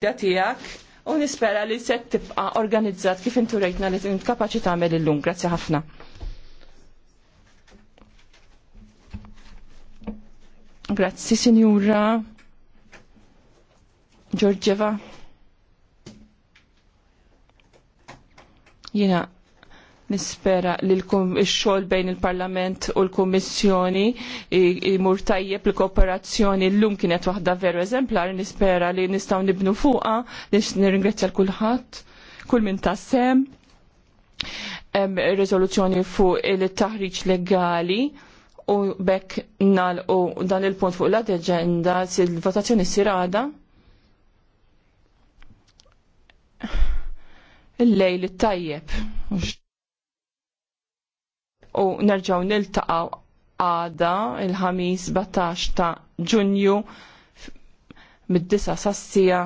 tijak u nispera li set tibqa organizzat kif intu rejtna li kapaċi ta' għamil l-lum. Grazie ħafna. Grazzi signora. Giorgieva. Jina Nispera li l-xol bejn il-Parlament u l-Kommissjoni imur tajjeb l-kooperazzjoni l-lum kienet waħda veru eżemplar, nispera li nistaw nibnu fuqa, nirringrazzja l-kulħat, kull min tassem, rezoluzzjoni fuq il-taħriċ legali u bekk nal u dan il-punt fuq l-agenda, il-votazzjoni sirada. il-lejl it-tajjeb u nerġaw niltaqaw għada il-ħamis 17 ta' ġunju mid-disa sassija